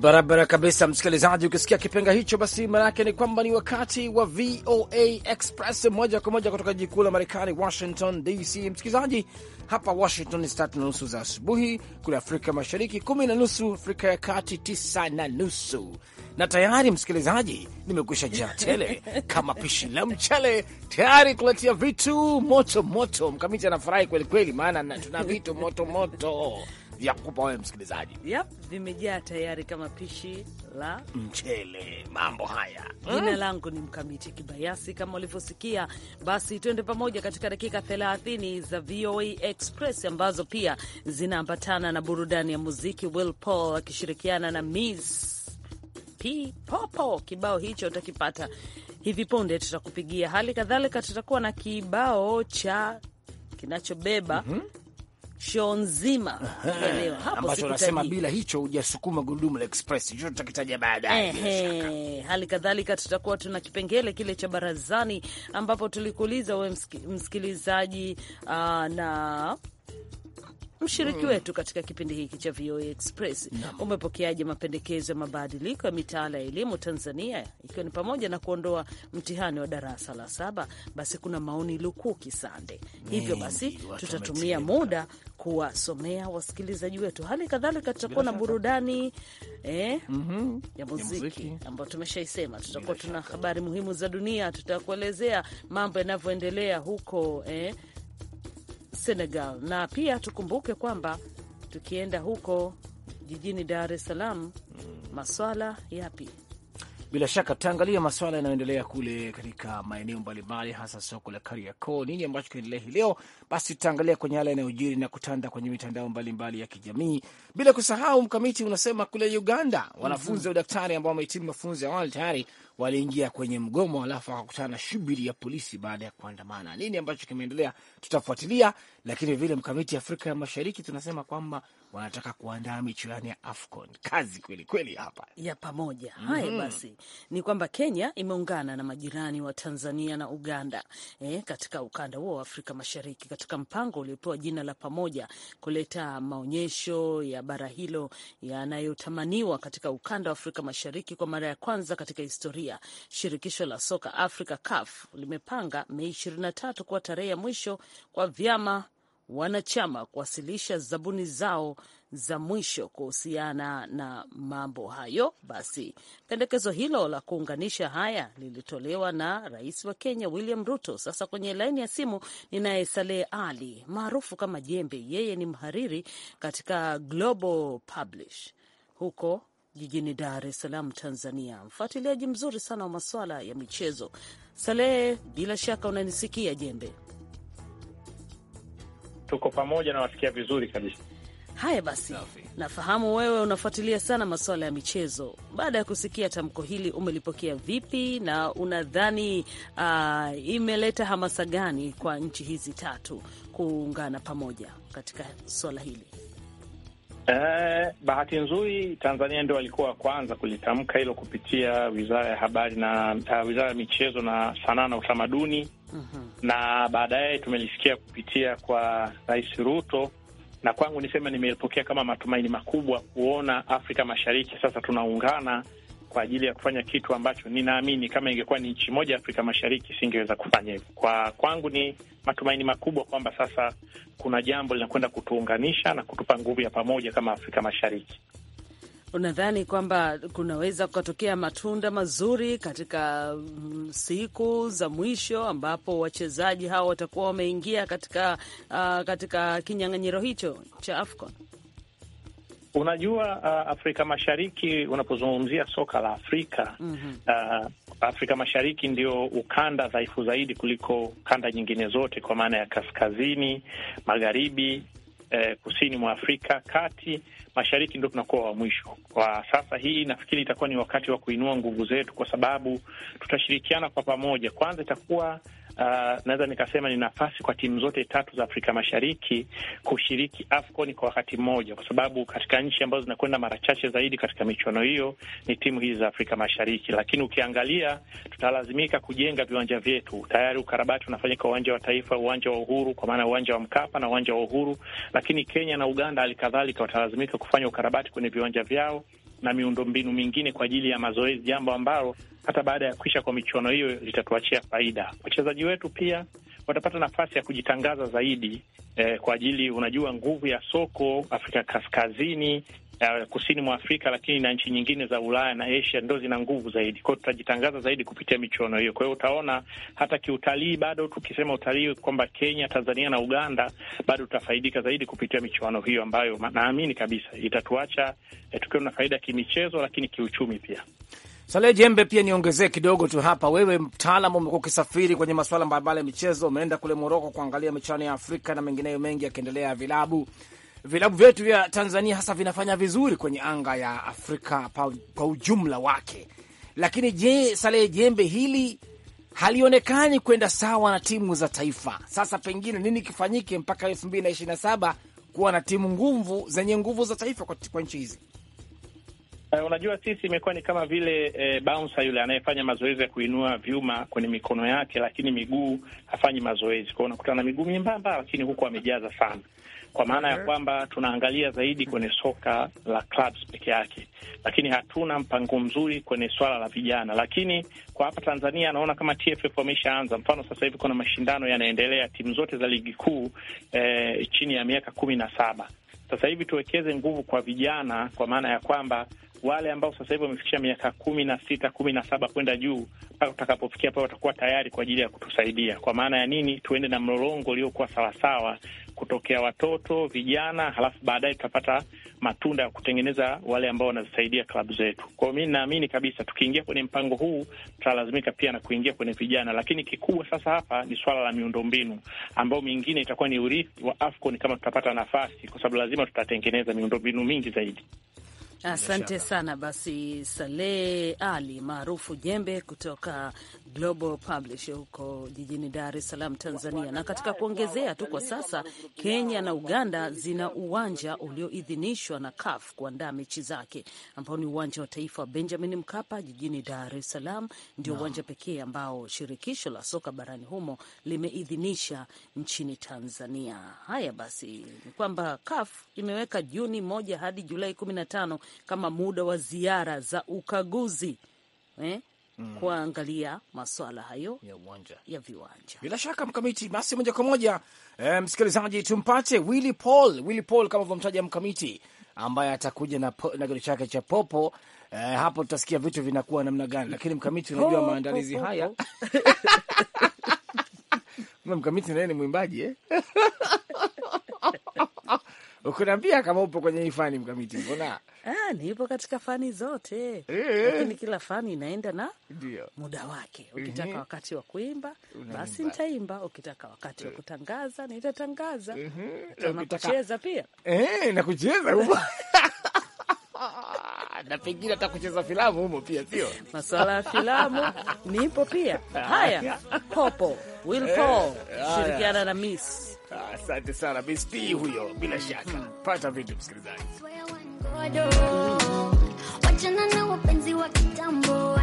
Barabara kabisa, msikilizaji. Ukisikia kipenga hicho, basi maana ni kwamba ni wakati wa VOA Express moja kwa moja kutoka jiji kuu la Marekani, Washington DC. Msikilizaji, hapa Washington ni saa tatu na nusu za asubuhi, kule Afrika Mashariki kumi na nusu, Afrika ya Kati tisa na nusu. Na tayari msikilizaji, nimekwisha jaa tele kama pishi la mchele, tayari kuletia vitu moto moto. Mkamiti anafurahi kwelikweli, maana tuna vitu moto moto vya kukupa wewe msikilizaji. Yep, vimejaa tayari kama pishi la mchele. Mambo haya. Jina mm, langu ni Mkamiti Kibayasi. Kama ulivyosikia, basi tuende pamoja katika dakika 30 za VOA Express ambazo pia zinaambatana na burudani ya muziki. Will Paul akishirikiana na Miss P Popo, kibao hicho utakipata hivi punde, tutakupigia. Hali kadhalika tutakuwa na kibao cha kinachobeba mm -hmm show nzima ambacho nasema bila hicho hujasukuma gurudumu la express. Hicho tutakitaja baadaye. Hali kadhalika tutakuwa tuna kipengele kile cha barazani, ambapo tulikuuliza wewe msikilizaji uh, na Mshiriki mm. wetu katika kipindi hiki cha VOA Express, umepokeaje mapendekezo ya mabadiliko ya mitaala ya elimu Tanzania, ikiwa ni pamoja na kuondoa mtihani wa darasa la saba? Basi kuna maoni lukuki sande. Hivyo basi tutatumia muda kuwasomea wasikilizaji wetu. Hali kadhalika tutakuwa na burudani eh, mm -hmm, ya muziki ambayo tumeshaisema. Tutakuwa tuna habari muhimu za dunia, tutakuelezea mambo yanavyoendelea huko eh, Senegal. Na pia tukumbuke kwamba tukienda huko jijini Dar es Salaam, mm. maswala yapi bila shaka tutaangalia masuala yanayoendelea kule katika maeneo mbalimbali, hasa soko la Kariakoo, nini ambacho kinaendelea hii leo. Basi tutaangalia kwenye yale yanayojiri na kutanda kwenye mitandao mbalimbali mbali ya kijamii, bila kusahau mkamiti, unasema kule Uganda mhm. wanafunzi wa udaktari ambao wamehitimu mafunzo ya awali tayari waliingia kwenye mgomo, alafu wakakutana na shughuli ya polisi baada ya kuandamana. Nini ambacho kimeendelea tutafuatilia, lakini vile mkamiti, Afrika ya Mashariki tunasema kwamba wanataka kuandaa michuano ya AFCON. Kazi kweli kweli hapa ya pamoja. mm -hmm. Haya mhm. basi, ni kwamba Kenya imeungana na majirani wa Tanzania na Uganda eh, katika ukanda huo wa Afrika Mashariki katika mpango uliopewa jina la pamoja kuleta maonyesho ya bara hilo yanayotamaniwa katika ukanda wa Afrika Mashariki kwa mara ya kwanza katika historia. Shirikisho la soka Africa CAF limepanga Mei 23 kuwa tarehe ya mwisho kwa vyama wanachama kuwasilisha zabuni zao za mwisho kuhusiana na mambo hayo. Basi pendekezo hilo la kuunganisha haya lilitolewa na rais wa Kenya William Ruto. Sasa kwenye laini ya simu ninaye Saleh Ali maarufu kama Jembe. Yeye ni mhariri katika Global Publish huko jijini Dar es Salaam, Tanzania, mfuatiliaji mzuri sana wa masuala ya michezo. Saleh, bila shaka unanisikia Jembe? Tuko pamoja na wasikia vizuri kabisa. Haya basi, nafahamu wewe unafuatilia sana masuala ya michezo. Baada ya kusikia tamko hili, umelipokea vipi na unadhani uh, imeleta hamasa gani kwa nchi hizi tatu kuungana pamoja katika suala hili? Eh, bahati nzuri Tanzania ndio walikuwa wa kwanza kulitamka hilo kupitia wizara ya habari na uh, wizara ya michezo na sanaa na utamaduni. mm -hmm na baadaye tumelisikia kupitia kwa Rais Ruto, na kwangu niseme nimepokea kama matumaini makubwa kuona Afrika Mashariki sasa tunaungana kwa ajili ya kufanya kitu ambacho ninaamini kama ingekuwa ni nchi moja Afrika Mashariki singeweza kufanya hivyo. Kwa kwangu ni matumaini makubwa kwamba sasa kuna jambo linakwenda kutuunganisha na kutupa nguvu ya pamoja kama Afrika Mashariki unadhani kwamba kunaweza kukatokea matunda mazuri katika mm, siku za mwisho ambapo wachezaji hao watakuwa wameingia katika, uh, katika kinyang'anyiro hicho cha AFCON? Unajua, uh, Afrika Mashariki unapozungumzia soka la Afrika mm -hmm. uh, Afrika Mashariki ndio ukanda dhaifu zaidi kuliko kanda nyingine zote, kwa maana ya kaskazini, magharibi eh, kusini mwa Afrika kati, mashariki ndo tunakuwa wa mwisho. Kwa sasa hii nafikiri itakuwa ni wakati wa kuinua nguvu zetu, kwa sababu tutashirikiana kwa pamoja. Kwanza itakuwa uh, naweza nikasema ni nafasi kwa timu zote tatu za Afrika Mashariki kushiriki AFCON kwa wakati mmoja, kwa sababu katika nchi ambazo zinakwenda mara chache zaidi katika michuano hiyo ni timu hizi za Afrika Mashariki. Lakini ukiangalia, tutalazimika kujenga viwanja vyetu. Tayari ukarabati unafanyika uwanja wa Taifa, uwanja wa Uhuru, kwa maana uwanja wa Mkapa na uwanja wa Uhuru, lakini Kenya na Uganda hali kadhalika watalazimika kufanya ukarabati kwenye viwanja vyao na miundombinu mingine kwa ajili ya mazoezi, jambo ambalo hata baada ya kuisha kwa michuano hiyo litatuachia faida. Wachezaji wetu pia watapata nafasi ya kujitangaza zaidi eh, kwa ajili, unajua nguvu ya soko Afrika Kaskazini uh, kusini mwa Afrika, lakini na nchi nyingine za Ulaya na Asia ndo zina nguvu zaidi. Kwa hiyo tutajitangaza zaidi kupitia michuano hiyo. Kwa hiyo utaona hata kiutalii, bado tukisema utalii kwamba Kenya, Tanzania na Uganda, bado tutafaidika zaidi kupitia michuano hiyo ambayo naamini kabisa itatuacha eh, tukiwa na faida kimichezo, lakini kiuchumi pia. Saleh Jembe, pia niongezee kidogo tu hapa. Wewe mtaalamu, umekuwa ukisafiri kwenye masuala mbalimbali ya michezo, umeenda kule Moroko kuangalia michuano ya Afrika na mengineyo mengi yakiendelea ya vilabu vilabu vyetu vya Tanzania hasa vinafanya vizuri kwenye anga ya Afrika pa, kwa ujumla wake, lakini je, Salehe Jembe, hili halionekani kwenda sawa na timu za taifa. Sasa pengine nini kifanyike mpaka elfu mbili na ishirini na saba kuwa na timu nguvu zenye nguvu za taifa kwa, kwa nchi hizi? Uh, unajua sisi imekuwa ni kama vile eh, bouncer yule anayefanya mazoezi ya kuinua vyuma kwenye mikono yake, lakini miguu hafanyi mazoezi kwao, unakutana na miguu miembamba, lakini huku amejaza sana kwa maana ya kwamba tunaangalia zaidi kwenye soka la clubs peke yake, lakini hatuna mpango mzuri kwenye swala la vijana. Lakini kwa hapa Tanzania naona kama TFF wameshaanza, mfano sasa hivi kuna mashindano yanaendelea timu zote za ligi kuu eh, chini ya miaka kumi na saba. Sasa hivi tuwekeze nguvu kwa vijana, kwa maana ya kwamba wale ambao sasa hivi wamefikisha miaka kumi na sita kumi na saba kwenda juu, mpaka tutakapofikia pale watakuwa tayari kwa ajili ya kutusaidia. Kwa maana ya nini, tuende na mlolongo uliokuwa sawasawa kutokea watoto, vijana, halafu baadaye tutapata matunda ya kutengeneza wale ambao wanazisaidia klabu zetu. kwao mi naamini kabisa tukiingia kwenye mpango huu tutalazimika pia na kuingia kwenye vijana, lakini kikubwa sasa hapa ni swala la miundombinu, ambayo mingine itakuwa ni urithi wa AFCON kama tutapata nafasi, kwa sababu lazima tutatengeneza miundombinu mingi zaidi. Asante sana basi, Saleh Ali maarufu Jembe kutoka Global Publish huko jijini Dar es Salaam, Tanzania. Na katika kuongezea tu, kwa sasa Kenya na Uganda zina uwanja ulioidhinishwa na CAF kuandaa mechi zake ambao ni uwanja wa taifa wa Benjamin Mkapa jijini Dar es Salaam. Ndio uwanja pekee ambao shirikisho la soka barani humo limeidhinisha nchini Tanzania. Haya basi, ni kwamba CAF imeweka Juni moja hadi Julai kumi na tano kama muda wa ziara za ukaguzi eh? Mm. kuangalia maswala hayo ya uwanja ya viwanja. Bila shaka mkamiti, basi moja kwa moja e, msikilizaji, tumpate Willy Paul. Willy Paul kama vyomtaja mkamiti, ambaye atakuja na, na kitu chake cha popo e, hapo tutasikia vitu vinakuwa namna gani, lakini mkamiti, unajua maandalizi haya mkamiti naye ni mwimbaji eh? Ukuniambia kama upo kwenye hii fani mkamiti, mbona ah, nipo katika fani zote e, lakini kila fani inaenda na Dio. muda wake. Ukitaka wakati wa kuimba basi nitaimba, ukitaka wakati wa eh. kutangaza nitatangaza mm na kucheza pia e, na kucheza huko na pengine hata kucheza filamu humo pia, sio maswala ya filamu nipo pia. Haya, Popo Will Paul shirikiana na Miss Asante ah, sana besti huyo, bila shaka hmm. Pata vitu msikilizaji, oh. wachana na wapenzi wa kitambo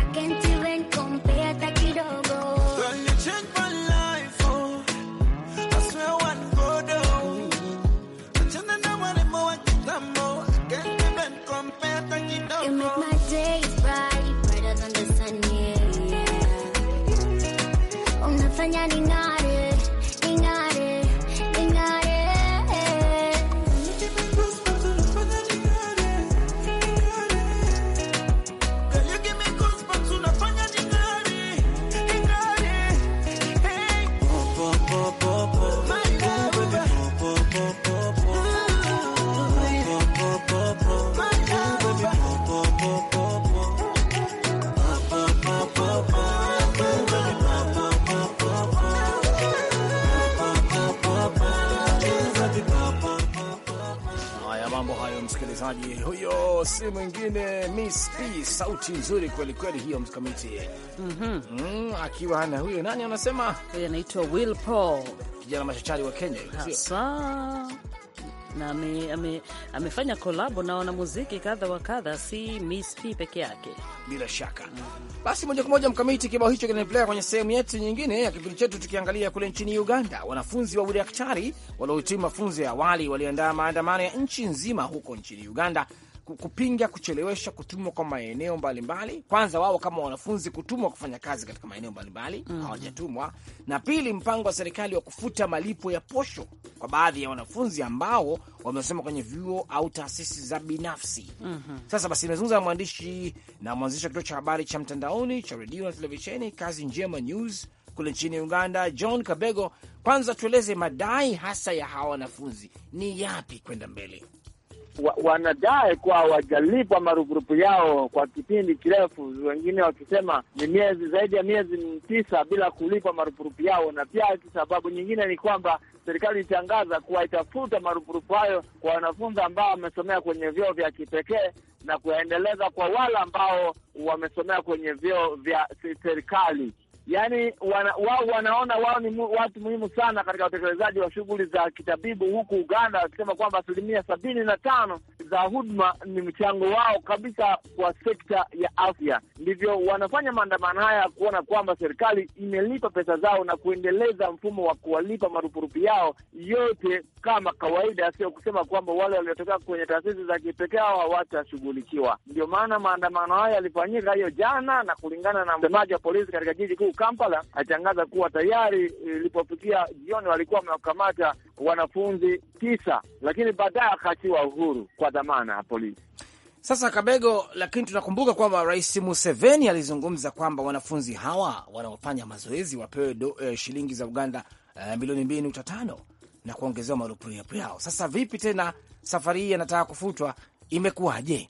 si mwingine Miss P, sauti nzuri kweli kweli hiyo mkamiti. mm -hmm. Mm, akiwa na huyo nani anasema, huyo anaitwa Will Paul, kijana machachari wa Kenya hasa na ame, ame, amefanya kolabo na wanamuziki kadha wa kadha, si Miss P peke yake bila shaka. mm -hmm. Basi moja kwa moja mkamiti, kibao hicho kinapeleka kwenye sehemu yetu nyingine ya kipindi chetu, tukiangalia kule nchini Uganda. Wanafunzi wa udaktari waliohitimu mafunzo ya awali waliandaa maandamano ya nchi nzima huko nchini Uganda kupinga kuchelewesha kutumwa kwa maeneo mbalimbali. Kwanza wao kama wanafunzi kutumwa kufanya kazi katika maeneo mbalimbali mm -hmm. hawajatumwa, na pili, mpango wa serikali wa kufuta malipo ya posho kwa baadhi ya wanafunzi ambao wamesoma kwenye vyuo au taasisi za binafsi mm -hmm. Sasa basi, nimezungumza na mwandishi na mwanzisha kituo cha habari cha mtandaoni cha redio na televisheni Kazi Njema News kule nchini Uganda, John Kabego, kwanza tueleze madai hasa ya hawa wanafunzi ni yapi kwenda mbele? wa, wanadai kuwa wajalipwa marupurupu yao kwa kipindi kirefu, wengine wakisema ni miezi zaidi ya miezi tisa bila kulipwa marupurupu yao. Na pia sababu nyingine ni kwamba serikali ilitangaza kuwa itafuta marupurupu hayo kwa wanafunzi ambao wamesomea kwenye vyuo vya kipekee na kuyaendeleza kwa wale ambao wamesomea kwenye vyuo vya serikali yani wana, wao wanaona wao ni mu, watu muhimu sana katika utekelezaji wa shughuli za kitabibu huku Uganda, wakisema kwamba asilimia sabini na tano za huduma ni mchango wao kabisa kwa sekta ya afya. Ndivyo wanafanya maandamano haya kuona kwamba serikali imelipa pesa zao na kuendeleza mfumo wa kuwalipa marupurupu yao yote kama kawaida, sio kusema kwamba wale waliotokea kwenye taasisi za kipekee hao hawatashughulikiwa. Ndio maana maandamano haya yalifanyika hiyo jana, na kulingana na msemaji wa polisi katika jiji kuu Kampala atangaza kuwa tayari ilipofikia jioni walikuwa wamewakamata wanafunzi tisa, lakini baadaye akaachiwa uhuru kwa dhamana ya polisi. Sasa Kabego, lakini tunakumbuka kwamba Rais Museveni alizungumza kwamba wanafunzi hawa wanaofanya mazoezi wapewe do, eh, shilingi za Uganda eh, milioni mbili nukta tano na kuongezewa marupurupu yao. Sasa vipi tena safari hii anataka kufutwa, imekuwaje?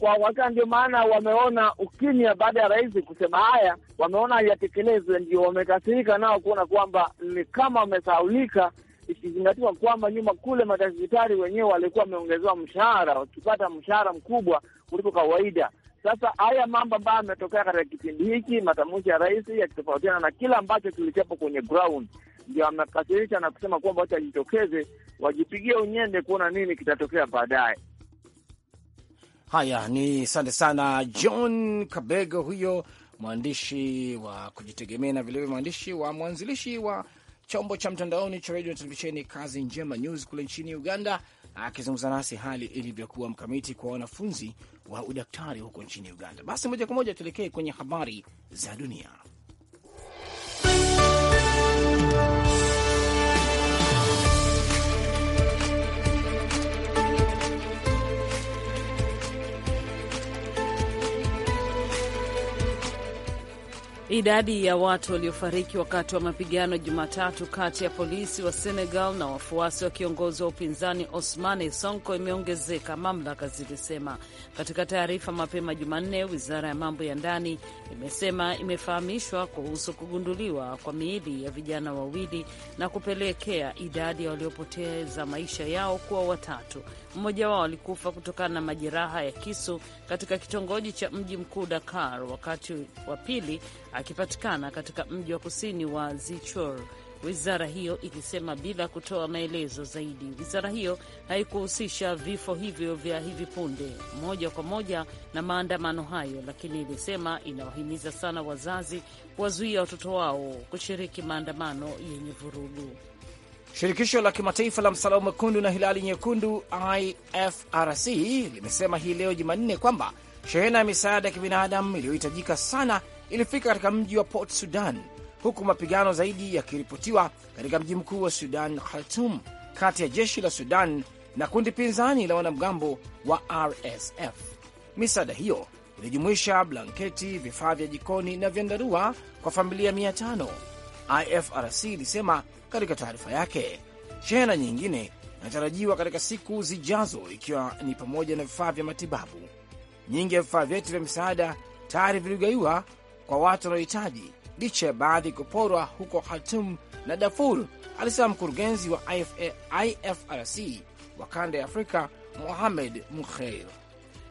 kwa wakati. Ndio maana wameona ukimya baada ya rais kusema haya, wameona hayatekelezwe, ndio wamekasirika nao kuona kwamba ni kama wamesaulika, ikizingatiwa kwamba nyuma kule madaktari wenyewe walikuwa wameongezewa mshahara, wakipata mshahara mkubwa kuliko kawaida. Sasa haya mambo ambayo ametokea katika kipindi hiki, matamshi ya rais yakitofautiana na kila ambacho kilichopo kwenye ground, ndio amekasirisha na kusema kwamba wacha jitokeze, wajipigie unyende kuona nini kitatokea baadaye. Haya, ni asante sana John Kabego, huyo mwandishi wa kujitegemea na vilevile mwandishi wa mwanzilishi wa chombo cha mtandaoni cha redio na televisheni Kazi Njema News kule nchini Uganda, akizungumza nasi hali ilivyokuwa mkamiti kwa wanafunzi wa udaktari huko nchini Uganda. Basi moja kwa moja tuelekee kwenye habari za dunia. Idadi ya watu waliofariki wakati wa mapigano Jumatatu kati ya polisi wa Senegal na wafuasi wa kiongozi wa upinzani osmane Sonko imeongezeka, mamlaka zilisema katika taarifa mapema Jumanne. Wizara ya mambo ya ndani imesema imefahamishwa kuhusu kugunduliwa kwa miili ya vijana wawili na kupelekea idadi ya waliopoteza maisha yao kuwa watatu mmoja wao alikufa kutokana na majeraha ya kisu katika kitongoji cha mji mkuu Dakar, wakati wa pili akipatikana katika mji wa kusini wa Zichor, wizara hiyo ikisema bila kutoa maelezo zaidi. Wizara hiyo haikuhusisha vifo hivyo vya hivi punde moja kwa moja na maandamano hayo, lakini ilisema inawahimiza sana wazazi kuwazuia watoto wao kushiriki maandamano yenye vurugu. Shirikisho la kimataifa la msalaba mwekundu na hilali nyekundu IFRC limesema hii leo Jumanne kwamba shehena ya misaada ya kibinadamu iliyohitajika sana ilifika katika mji wa Port Sudan, huku mapigano zaidi yakiripotiwa katika mji mkuu wa Sudan, Khartum, kati ya jeshi la Sudan na kundi pinzani la wanamgambo wa RSF. Misaada hiyo ilijumuisha blanketi, vifaa vya jikoni na vyandarua kwa familia 500. IFRC ilisema katika taarifa yake. Shehena nyingine inatarajiwa katika siku zijazo, ikiwa ni pamoja na vifaa vya matibabu. Nyingi ya vifaa vyetu vya misaada tayari viligaiwa kwa watu wanaohitaji, licha ya baadhi kuporwa huko hatum na Darfur, alisema mkurugenzi wa IFRC wa kanda ya Afrika Mohamed Mukheir.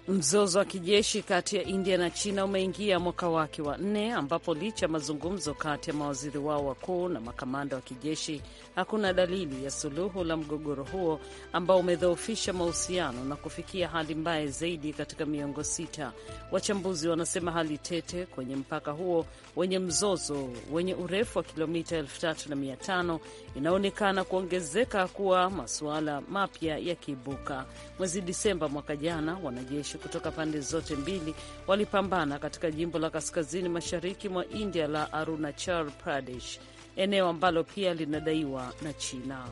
Mzozo wa kijeshi kati ya India na China umeingia mwaka wake wa nne, ambapo licha ya mazungumzo kati ya mawaziri wao wakuu na makamanda wa kijeshi, hakuna dalili ya suluhu la mgogoro huo ambao umedhoofisha mahusiano na kufikia hali mbaya zaidi katika miongo sita. Wachambuzi wanasema hali tete kwenye mpaka huo wenye mzozo wenye urefu wa kilomita 3500 inaonekana kuongezeka kuwa masuala mapya yakiibuka. Mwezi Disemba mwaka jana, wanajeshi kutoka pande zote mbili walipambana katika jimbo la kaskazini mashariki mwa India la Arunachal Pradesh, eneo ambalo pia linadaiwa na China.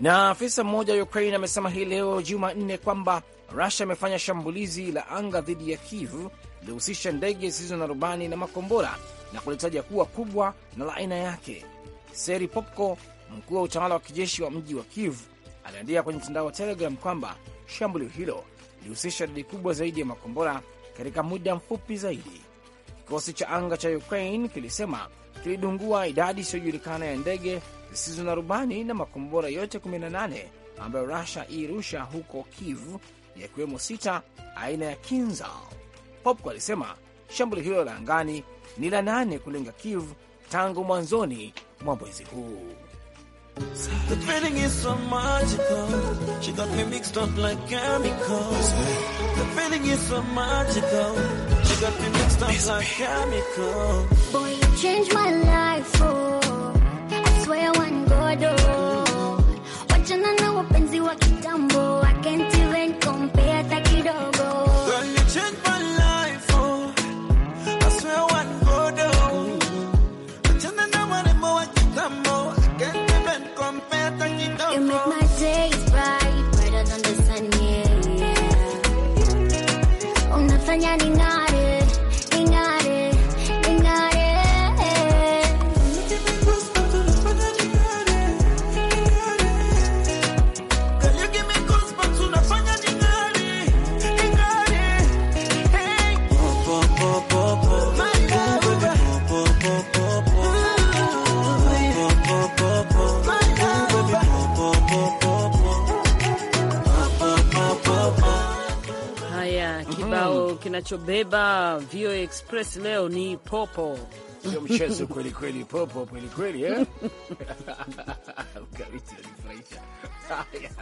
Na afisa mmoja wa Ukraine amesema hii leo Jumanne kwamba Rusia imefanya shambulizi la anga dhidi ya Kiev lilihusisha ndege zisizo na rubani na makombora na kulitaja kuwa kubwa na la aina yake. Seri Popko, mkuu wa utawala wa kijeshi wa mji wa Kiev, aliandika kwenye mtandao wa Telegram kwamba shambulio hilo ilihusisha idadi kubwa zaidi ya makombora katika muda mfupi zaidi. Kikosi cha anga cha Ukraine kilisema kilidungua idadi isiyojulikana ya ndege zisizo na rubani na makombora yote 18 ambayo Russia iirusha huko Kiev, yakiwemo sita aina ya Kinzhal. Popko alisema shambuli hilo la angani ni la nane kulenga Kiev tangu mwanzoni mwa mwezi huu. The feeling is so magical. She got me mixed up like chemicals. The feeling is so magical. She got me mixed up like chemicals. Boy, you changed my life, oh. I swear one God, oh. Wachana na wapenzi wa kitambo. kinachobeba VOA Express leo ni popo. Sio mchezo kweli kweli, popo kweli kweli eh?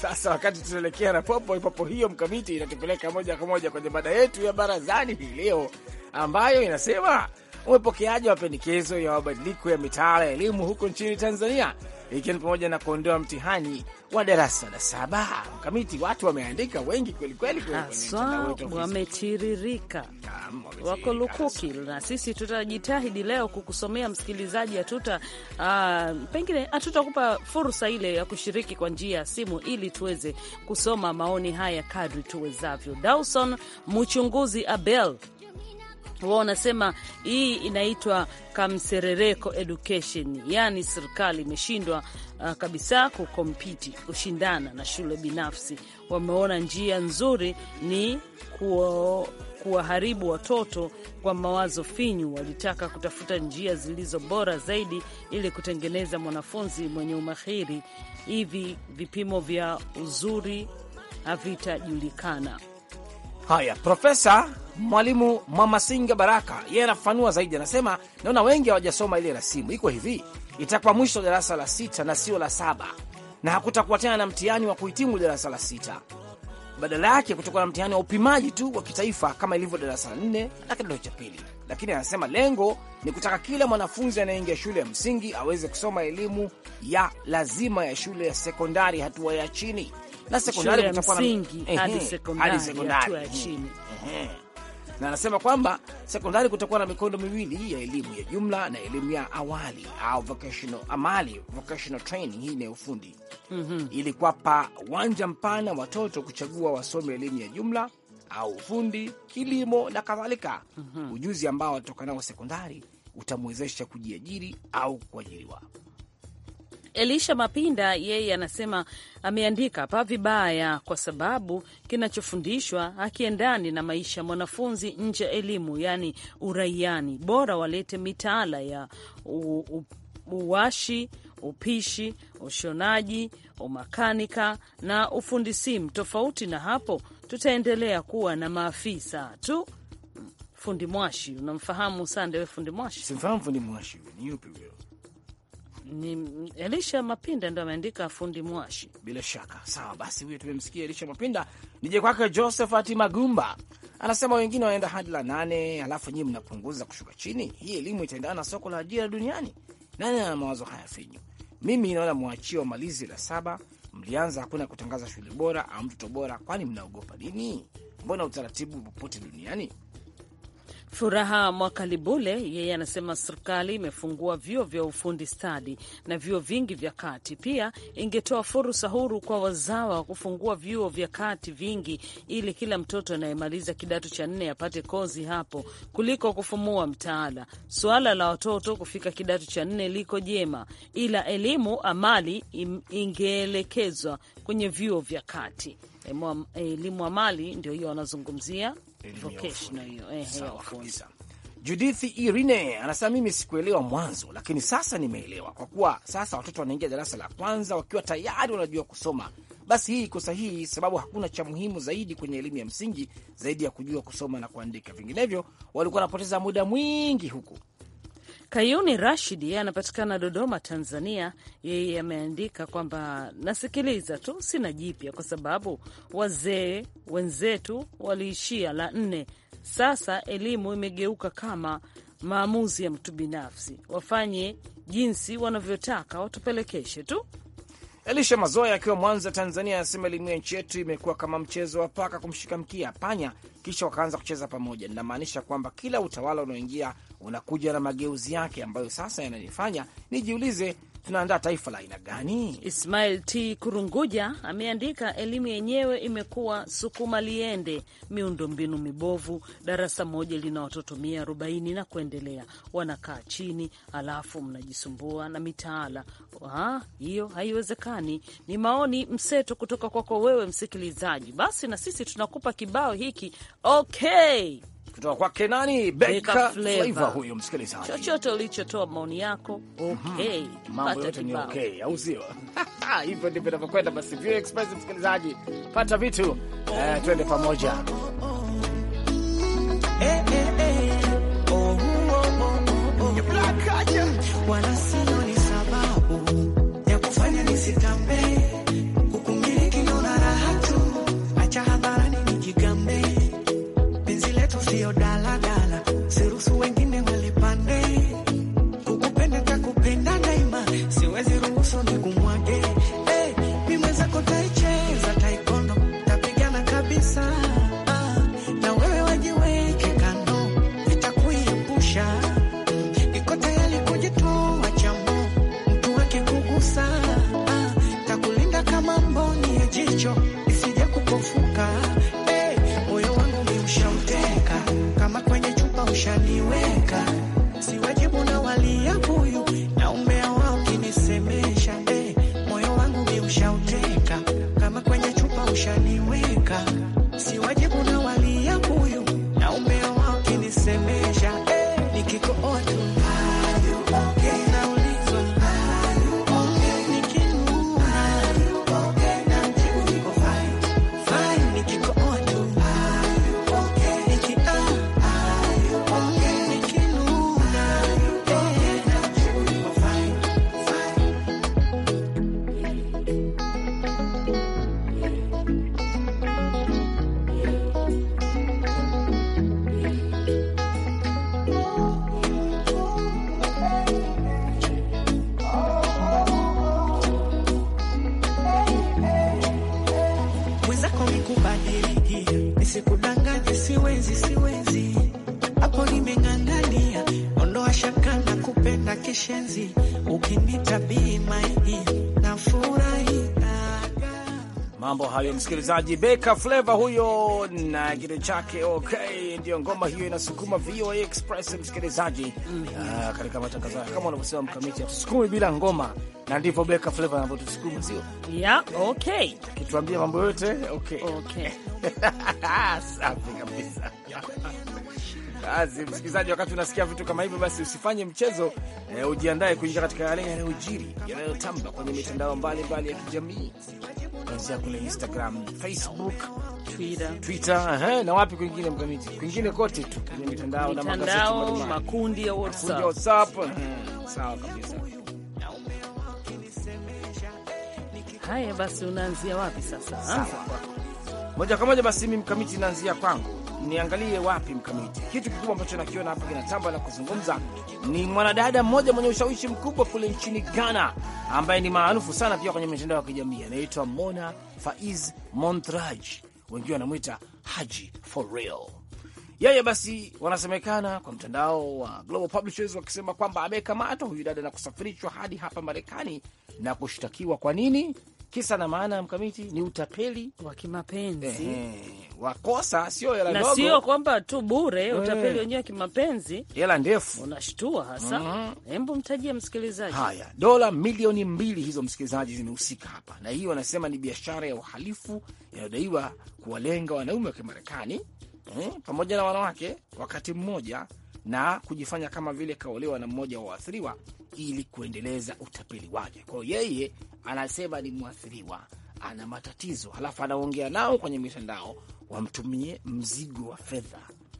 Sasa wakati tunaelekea na popo popo hiyo, Mkamiti inatupeleka moja kwa moja kwenye mada yetu ya barazani hii leo ambayo inasema umepokeaje mapendekezo ya mabadiliko ya mitaala ya elimu huko nchini Tanzania? ikiwa ni pamoja na kuondoa mtihani wa darasa la saba. Mkamiti, watu wameandika wengi kwelikweli, haswa wametiririka, wako lukuki, na sisi tutajitahidi leo kukusomea msikilizaji. Hatuta uh, ah, pengine hatutakupa fursa ile ya kushiriki kwa njia ya simu, ili tuweze kusoma maoni haya kadri tuwezavyo. Dawson Mchunguzi Abel wao wanasema hii inaitwa kamserereko education, yani serikali imeshindwa uh, kabisa kukompiti kushindana na shule binafsi. Wameona njia nzuri ni kuo kuwaharibu watoto kwa mawazo finyu. Walitaka kutafuta njia zilizo bora zaidi ili kutengeneza mwanafunzi mwenye umahiri. Hivi vipimo vya uzuri havitajulikana. Haya, Profesa Mwalimu Mwamasinga Baraka yeye anafafanua zaidi, anasema naona wengi hawajasoma ile rasimu. Iko hivi, itakuwa mwisho darasa la sita na sio la saba, na hakutakuwa tena na mtihani wa kuhitimu darasa la sita. Badala yake kutakuwa na mtihani wa upimaji tu wa kitaifa kama ilivyo darasa la nne na kidato cha pili. Lakini anasema lengo ni kutaka kila mwanafunzi anayeingia shule ya msingi aweze kusoma elimu ya lazima ya shule ya sekondari hatua ya chini na sekondari hadi sekondari na anasema kwamba sekondari kutakuwa na mikondo miwili ya elimu ya jumla na elimu ya awali au vocational amali, vocational training, hii ni ufundi mm -hmm. ili kuwapa uwanja mpana watoto kuchagua wasome elimu ya jumla au ufundi, kilimo na kadhalika mm -hmm. ujuzi ambao watoka nao sekondari utamwezesha kujiajiri au kuajiriwa. Elisha Mapinda yeye anasema ameandika hapa vibaya, kwa sababu kinachofundishwa hakiendani na maisha mwanafunzi nje ya elimu, yaani uraiani. Bora walete mitaala ya u, u, uwashi upishi, ushonaji, umakanika na ufundi simu. Tofauti na hapo, tutaendelea kuwa na maafisa tu. Fundi mwashi, unamfahamu Sande? We fundi mwashi, simfahamu. Fundi mwashi ni yupi huyo? ni Elisha Mapinda ndo ameandika fundi mwashi. Bila shaka, sawa basi, huyo tumemsikia Elisha Mapinda. Nije kwake Josephat Magumba, anasema wengine wanaenda hadi la nane, alafu nyinyi mnapunguza kushuka chini. Hii elimu itaendana na soko la ajira duniani? Nani ana mawazo haya finyu? Mimi naona mwachie wamalizi la saba. Mlianza hakuna kutangaza shule bora au mtoto bora, kwani mnaogopa nini? Mbona utaratibu popote duniani Furaha Mwakalibule yeye anasema serikali imefungua vyuo vya ufundi stadi na vyuo vingi vya kati. Pia ingetoa fursa huru kwa wazawa wa kufungua vyuo vya kati vingi, ili kila mtoto anayemaliza kidato cha nne apate kozi hapo kuliko kufumua mtaala. Suala la watoto kufika kidato cha nne liko jema, ila elimu amali ingeelekezwa kwenye vyuo vya kati. Elimu amali ndio hiyo wanazungumzia vocational eh, eh, Judithi irine anasema mimi sikuelewa mwanzo, lakini sasa nimeelewa, kwa kuwa sasa watoto wanaingia darasa la kwanza wakiwa tayari wanajua kusoma. Basi hii iko sahihi, sababu hakuna cha muhimu zaidi kwenye elimu ya msingi zaidi ya kujua kusoma na kuandika, vinginevyo walikuwa wanapoteza muda mwingi huku. Kayuni rashidi anapatikana Dodoma, Tanzania. Yeye ameandika kwamba nasikiliza tu, sina jipya, kwa sababu wazee wenzetu waliishia la nne. Sasa elimu imegeuka kama maamuzi ya mtu binafsi, wafanye jinsi wanavyotaka, watupelekeshe tu Elisha Mazoya akiwa Mwanza, Tanzania, anasema elimu ya nchi yetu imekuwa kama mchezo wa paka kumshika mkia panya, kisha wakaanza kucheza pamoja. Ninamaanisha kwamba kila utawala unaoingia unakuja na mageuzi yake ambayo sasa yananifanya nijiulize tunaandaa taifa la aina gani? Ismail T Kurunguja ameandika, elimu yenyewe imekuwa sukuma liende, miundo mbinu mibovu, darasa moja lina watoto mia arobaini na kuendelea, wanakaa chini alafu mnajisumbua na mitaala. Ah, hiyo haiwezekani. Ni maoni mseto kutoka kwako wewe msikilizaji. Basi na sisi tunakupa kibao hiki okay kutoka kwake nani, Beka Flavor huyo msikilizaji. Chochote ulichotoa maoni yako mhm. okay, mambo yote ni okay, au sio? Hivyo ndivyo inavyokwenda. Basi View Express msikilizaji, pata vitu eh, twende pamoja Wanasema ni sababu ya kufanya nisitambe msikilizaji. Beka Flava huyo na kile chake okay, ndio ngoma hiyo inasukuma VOA Express msikilizaji, ah, katika matangazo haya kama unavyosema mkamiti, hatusukumi bila ngoma, na ndivyo Beka Flava anavyotusukuma, sio yeah, okay, kituambia mambo yote okay, okay. safi kabisa Kazi msikilizaji, wakati unasikia vitu kama hivyo, basi usifanye mchezo eh, ujiandae kuingia katika yale yanayojiri yanayotamba kwenye mitandao mbalimbali ya kijamii kuanzia kule Instagram, Facebook, Twitter, Twitter eh, na wapi kwingine, mkamiti kwingine kote tu kwenye mitandao na magazeti, makundi ya WhatsApp, WhatsApp. Sawa kabisa. Haya basi, unaanzia wapi sasa? Sawa. moja kwa moja basi, mimi mkamiti naanzia kwangu niangalie wapi mkamiti. Kitu kikubwa ambacho nakiona hapa kinatamba na kuzungumza ni mwanadada mmoja mwenye ushawishi mkubwa kule nchini Ghana, ambaye ni maarufu sana pia kwenye mitandao ya kijamii, anaitwa Mona Faiz Montraj, wengi wanamwita Haji for real. Yeye basi, wanasemekana kwa mtandao wa Global Publishers wakisema kwamba amekamatwa huyu dada na kusafirishwa hadi hapa Marekani na kushtakiwa kwa nini? kisa na maana mkamiti ni utapeli wa kimapenzi eh, wakosa sio hela ndogo, na sio kwamba tu bure eh. Utapeli wenyewe wa kimapenzi, hela ndefu, unashtua hasa mm. Hebu mtajie msikilizaji. Haya, dola milioni mbili hizo msikilizaji zimehusika hapa, na hiyo wanasema ni biashara ya uhalifu inayodaiwa kuwalenga wanaume wa Kimarekani eh, pamoja na wanawake wakati mmoja na kujifanya kama vile kaolewa na mmoja wa waathiriwa ili kuendeleza utapeli wake. Kwa hiyo yeye anasema ni mwathiriwa, ana matatizo, halafu anaongea nao kwenye mitandao wamtumie mzigo wa fedha.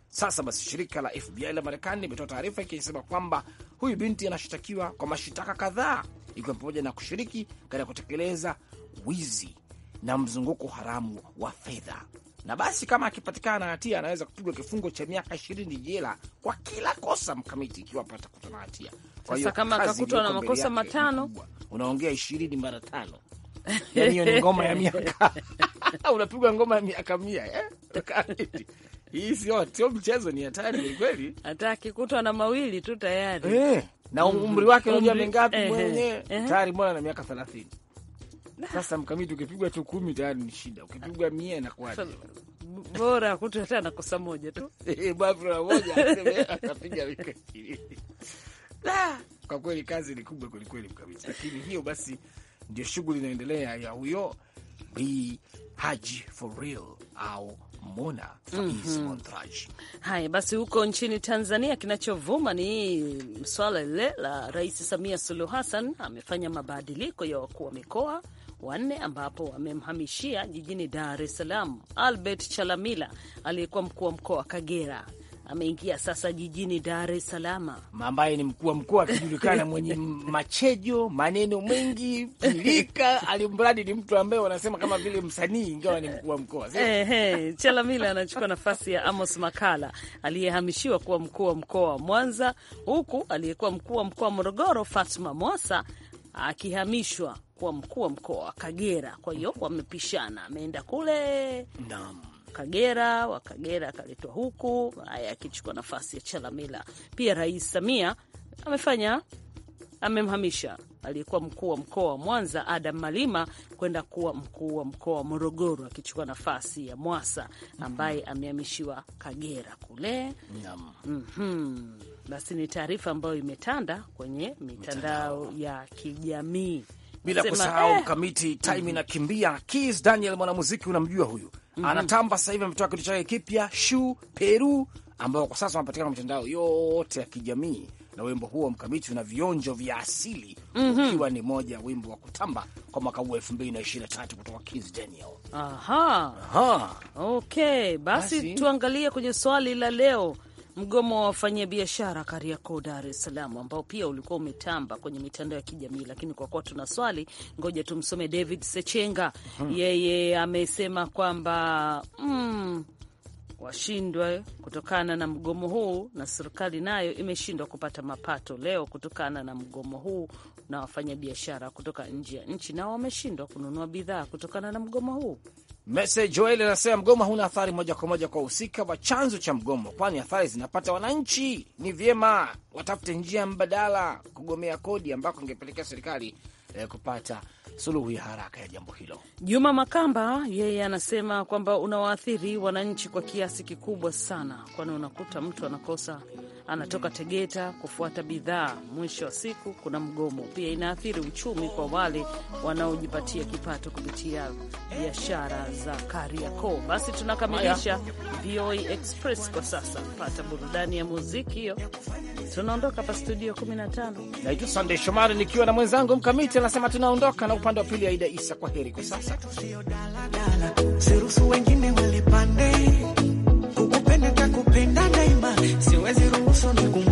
Sasa basi, shirika la FBI la Marekani limetoa taarifa ikisema kwamba huyu binti anashitakiwa kwa mashitaka kadhaa, ikiwa pamoja na kushiriki katika kutekeleza wizi na mzunguko haramu wa fedha na basi kama akipatikana na hatia anaweza kupigwa kifungo cha miaka ishirini jela kwa kila kosa mkamiti, ikiwa atakutwa na hatia. Kwa hiyo kama akakutwa na makosa matano, unaongea ishirini mara tano yani hiyo ni ngoma ya miaka unapigwa ngoma ya miaka mia eh? Hii sio sio mchezo, ni hatari kweli, Hata akikutwa na mawili tu tayari eh, na um- umri wake unajua mingapi mwenye tayari, mbona na miaka thelathini sasa mkamiti, ukipigwa tu kumi tayari ni shida, ukipigwa mia inakuwaje? Bora hata na kosa moja tu eh, moja akapiga ah! Kwa kweli kazi ni kubwa kwelikweli, Mkamiti, lakini hiyo basi ndio shughuli inaendelea ya huyo Bi Haji for real au Mona mm -hmm. Haya basi, huko nchini Tanzania kinachovuma ni swala lile la Rais Samia Suluhu Hassan amefanya mabadiliko ya wakuu wa mikoa wanne ambapo wamemhamishia jijini Dar es Salaam Albert Chalamila aliyekuwa mkuu wa mkoa wa Kagera ameingia sasa jijini Dar es Salaam, ambaye ni mkuu wa mkoa akijulikana mwenye machejo, maneno mengi pilika, alimradi ni mtu ambaye wanasema kama vile msanii, ingawa ni mkuu wa mkoa. Hey, eh, eh, hey, Chalamila anachukua nafasi ya Amos Makala aliyehamishiwa kuwa mkuu wa mkoa wa Mwanza, huku aliyekuwa mkuu wa mkoa wa Morogoro Fatma Mwasa akihamishwa kuwa mkuu wa mkoa wa Kagera. Kwa hiyo wamepishana, ameenda kule Naam. Kagera wa Kagera akaletwa huku, haya akichukua nafasi ya Chalamila. Pia Rais Samia amefanya amemhamisha aliyekuwa mkuu wa mkoa wa Mwanza Adam Malima kwenda kuwa mkuu wa mkoa wa Morogoro akichukua nafasi ya Mwasa ambaye amehamishiwa Kagera kule. mm -hmm. Basi ni taarifa ambayo imetanda kwenye mitandao ya kijamii bila kusahau eh, kamiti time mhm. inakimbia. Kis Daniel mwanamuziki unamjua huyu mm -hmm. anatamba sasa hivi, ametoa kitu chake kipya shu Peru, ambao kwa sasa wanapatikana mitandao yote ya kijamii na wimbo huo mkamiti una vionjo vya asili mm -hmm. ukiwa ni moja wimbo wa kutamba kwa mwaka huu elfu mbili na ishirini na tatu kutoka Kis Daniel. Aha. Aha. Okay, basi, basi tuangalie kwenye swali la leo Mgomo wa biashara Kariakoo, Dar es Salaam, ambao pia ulikuwa umetamba kwenye mitandao ya kijamii. Lakini kwa kuwa tuna swali, ngoja tumsome David Sechenga. hmm. Yeye amesema kwamba mm, washindwe kutokana na mgomo huu, na serikali nayo imeshindwa kupata mapato leo kutokana na mgomo huu, na wafanyabiashara kutoka nje ya nchi nao wameshindwa kununua bidhaa kutokana na mgomo huu. Mese Joel anasema mgomo hauna athari moja kwa moja kwa wahusika wa chanzo cha mgomo, kwani athari zinapata wananchi. Ni vyema watafute njia mbadala kugomea kodi, ambako ingepelekea serikali eh, kupata suluhu ya haraka ya jambo hilo. Juma Makamba yeye anasema kwamba unawaathiri wananchi kwa kiasi kikubwa sana, kwani unakuta mtu anakosa anatoka mhm. Tegeta kufuata bidhaa. Mwisho wa siku kuna mgomo pia, inaathiri uchumi kwa wale wanaojipatia kipato kupitia biashara za Kariakoo. Basi tunakamilisha VOA Express kwa sasa, pata burudani ya muziki hiyo, tunaondoka hapa studio 15. Naitwa Sandey Shomari nikiwa na mwenzangu Mkamiti anasema tunaondoka, na upande wa pili Aida Isa, kwa heri kwa sasa. 손을 꼭